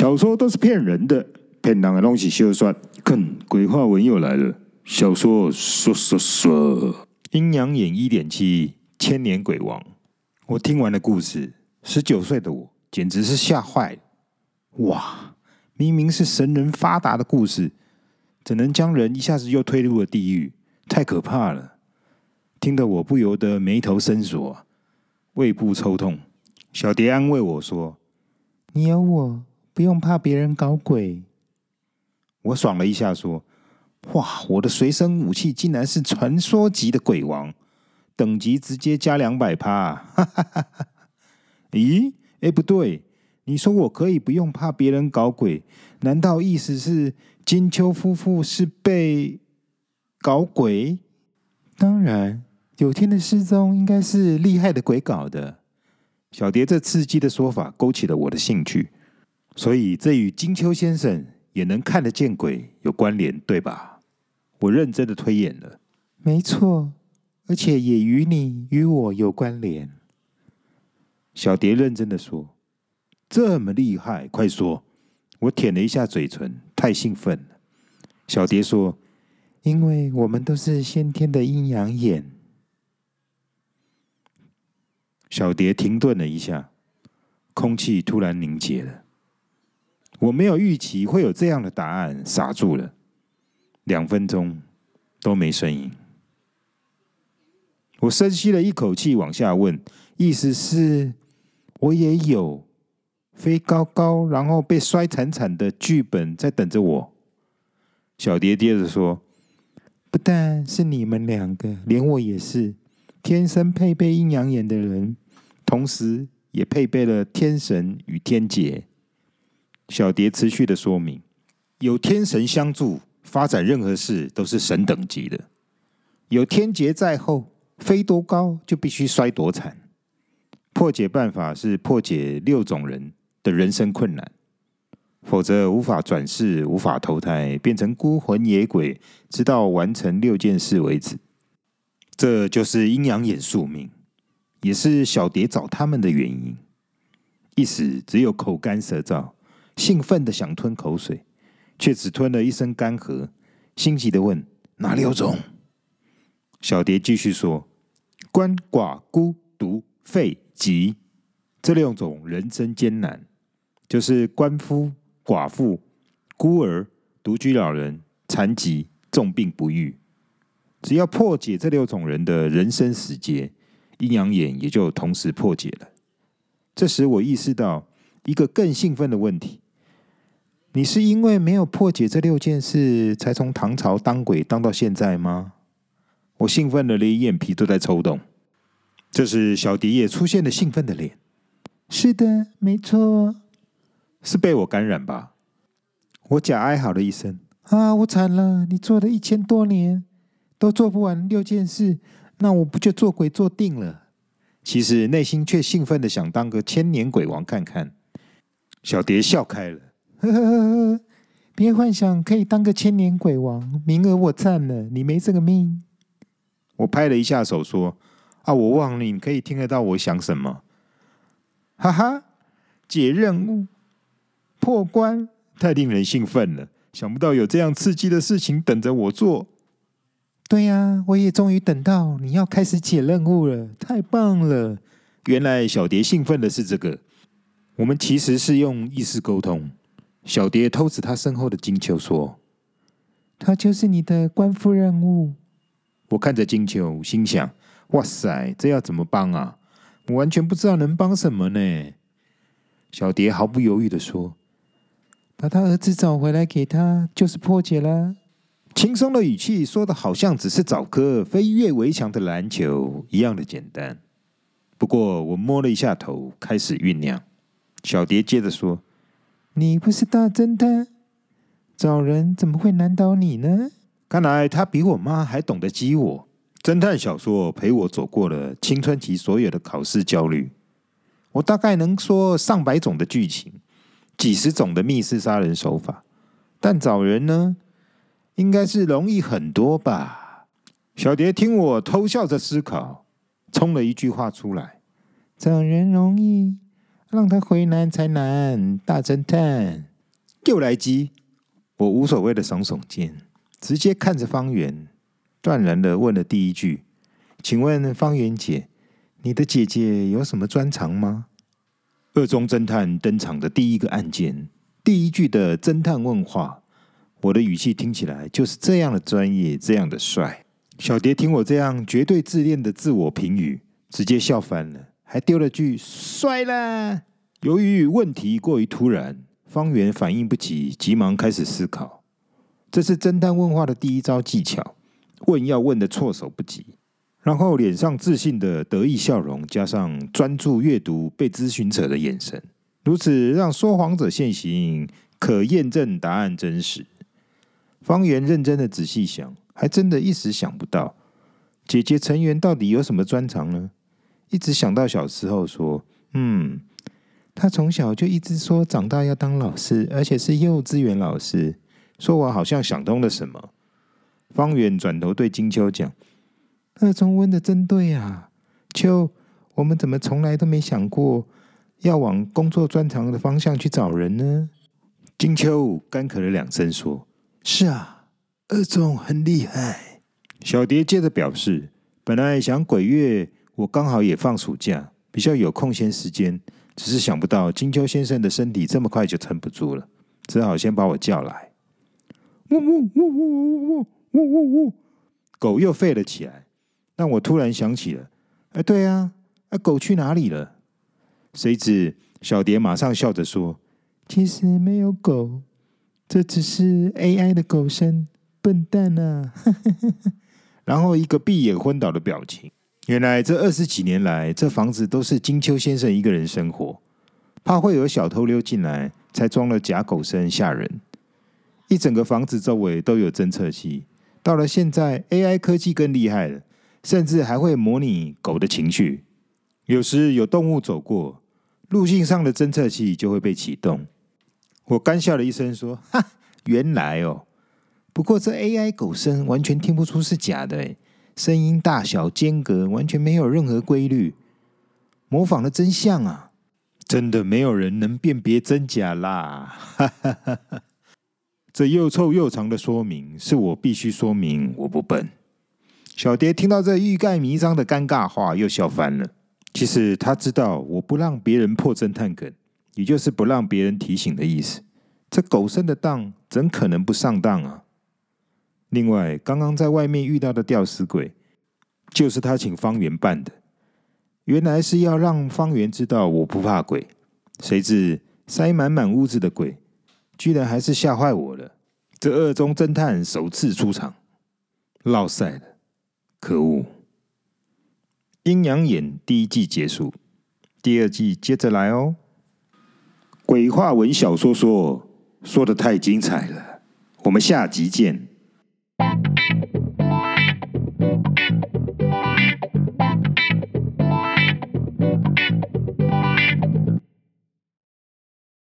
小說都是騙人的，騙人的東西休說。看鬼話文又來了，小說說說《陰陽眼一點七千年鬼王》。我聽完的故事，十九歲的我簡直是嚇壞了。哇！明明是神人發達的故事，怎能將人一下子又推入了地獄？太可怕了！聽得我不由得眉頭深鎖，胃部抽痛。小蝶安慰我說：“你有我。”不用怕別人搞鬼，我爽了一下，說：“哇，我的隨身武器竟然是傳說級的鬼王，等級直接加兩百趴！” 咦？哎，不對，你說我可以不用怕別人搞鬼，難道意思是金秋夫婦是被搞鬼？當然，有天的失蹤應該是厲害的鬼搞的。小蝶這刺激的說法勾起了我的興趣。所以，這與金秋先生也能看得見鬼有關聯，對吧？我認真的推演了，沒錯，而且也與你與我有關聯。小蝶認真的說：“這麼厲害，快說！”我舔了一下嘴唇，太興奮了。小蝶說：“因為我們都是先天的陰陽眼。”小蝶停頓了一下，空氣突然凝結了。我沒有預期會有這樣的答案，傻住了，兩分鐘都沒聲音。我深吸了一口氣，往下問，意思是，我也有飛高高，然後被摔慘慘的劇本在等着我。小蝶接着說：“不但是你們兩個，連我也是，天生配備陰陽眼的人，同時也配備了天神與天劫。”小蝶持續地說明：有天神相助，發展任何事都是神等級的；有天劫在後，飛多高就必須摔多慘。破解辦法是破解六種人的人生困難，否則無法轉世，無法投胎，變成孤魂野鬼，直到完成六件事為止。這就是陰陽眼宿命，也是小蝶找他們的原因。一時只有口乾舌燥。興奮的想吞口水，卻只吞了一聲乾咳。心急的問：“哪六種？”小蝶繼續說：“鰥寡孤獨廢疾這六種人生艱難，就是鰥夫、寡婦、孤兒、獨居老人、殘疾、重病不癒。只要破解這六種人的人生死結，陰陽眼也就同時破解了。”這時我意識到一個更興奮的問題。你是因為沒有破解這六件事，才從唐朝當鬼當到現在嗎？我興奮的連眼皮都在抽動。這時，小蝶也出現了興奮的臉。是的，沒錯，是被我感染吧？我假哀嚎了一聲。啊，我慘了！你做了一千多年，都做不完六件事，那我不就做鬼做定了？其實內心卻興奮的想當個千年鬼王看看。小蝶笑開了。呵呵呵呵，別幻想可以當個千年鬼王，名額我占了，你沒這個命。我拍了一下手，說：“啊，我忘了，你可以聽得到我想什麼。”哈哈，解任務、破關，太令人興奮了！想不到有這樣刺激的事情等着我做。對呀、啊，我也終於等到你要開始解任務了，太棒了！原來小蝶興奮的是這個。我們其實是用意識溝通。小蝶偷指他身後的金球說：“他就是你的官夫任務。”我看着金球，心想：“哇塞，這要怎麼幫啊？我完全不知道能幫什麼呢。”小蝶毫不猶豫的說：“把他兒子找回來給他，就是破解了。”輕鬆的語氣說的好像只是找顆飛越圍牆的籃球一樣的簡單。不過我摸了一下頭，開始醞釀。小蝶接着說。你不是大偵探，找人怎麼會難倒你呢？看來他比我媽還懂得激我。偵探小說陪我走過了青春期所有的考試焦慮，我大概能說上百種的劇情，幾十種的密室殺人手法。但找人呢，應該是容易很多吧？小蝶聽我偷笑着思考，衝了一句話出來，找人容易，讓他回南才難，大偵探又來機，我無所謂的聳聳肩，直接看着方圓，斷然的問了第一句：“請問方圓姐，你的姐姐有什麼專長嗎？”二中偵探登場的第一個案件，第一句的偵探問話，我的語氣聽起來就是這樣的專業，這樣的帥。小蝶聽我這樣絕對自戀的自我評語，直接笑翻了。還丟了句“摔了”。由於問題過於突然，方圓反應不及，急忙開始思考。這是偵探問話的第一招技巧：問要問的措手不及，然後臉上自信的得意笑容，加上專注閱讀被諮詢者的眼神，如此讓說謊者現形，可驗證答案真實。方圓認真的仔細想，還真的一時想不到，姐姐成員到底有什麼專長呢？一直想到小時候，說：“嗯，他從小就一直說長大要當老師，而且是幼稚園老師。”說：“我好像想通了什麼。”方遠轉頭對金秋講：“二中問得真對啊，秋，我們怎麼從來都沒想過要往工作專長的方向去找人呢？”金秋乾咳了兩聲，說：“是啊，二中很厲害。”小蝶接着表示：“本來想鬼月。”我剛好也放暑假，比較有空閒時間，只是想不到金秋先生的身體這麼快就撐不住了，只好先把我叫來。嗚嗚嗚嗚嗚嗚嗚嗚嗚！狗又吠了起來，但我突然想起了，哎，對啊，啊，狗去哪裡了？誰知小蝶馬上笑着說：“其實沒有狗，這只是 AI 的狗身，笨蛋啊！”然後一個閉眼昏倒的表情。原來這二十幾年來，這房子都是金秋先生一個人生活，怕會有小偷溜進來，才裝了假狗聲嚇人。一整個房子周圍都有偵測器，到了現在，AI 科技更厲害了，甚至還會模擬狗的情緒。有時有動物走過，路徑上的偵測器就會被啟動。我乾笑了一聲，說：“哈哈，原來哦。不過這 AI 狗聲完全聽不出是假的誒。”聲音大小間隔完全沒有任何規律，模仿了真相啊！真的沒有人能辨別真假啦！哈哈哈哈，這又臭又長的說明是我必須說明，我不笨。小蝶聽到這欲蓋彌彰的尷尬話，又笑翻了。其實他知道，我不讓別人破偵探梗，也就是不讓別人提醒的意思。這狗剩的當，怎可能不上當啊？另外，剛剛在外面遇到的吊死鬼，就是他請方圓辦的。原來是要讓方圓知道我不怕鬼，誰知塞滿滿屋子的鬼，居然還是嚇壞我了。這二中偵探首次出場，落賽了，可惡！陰陽眼第一季結束，第二季接着來哦。鬼話文小說說說得太精彩了，我們下集見。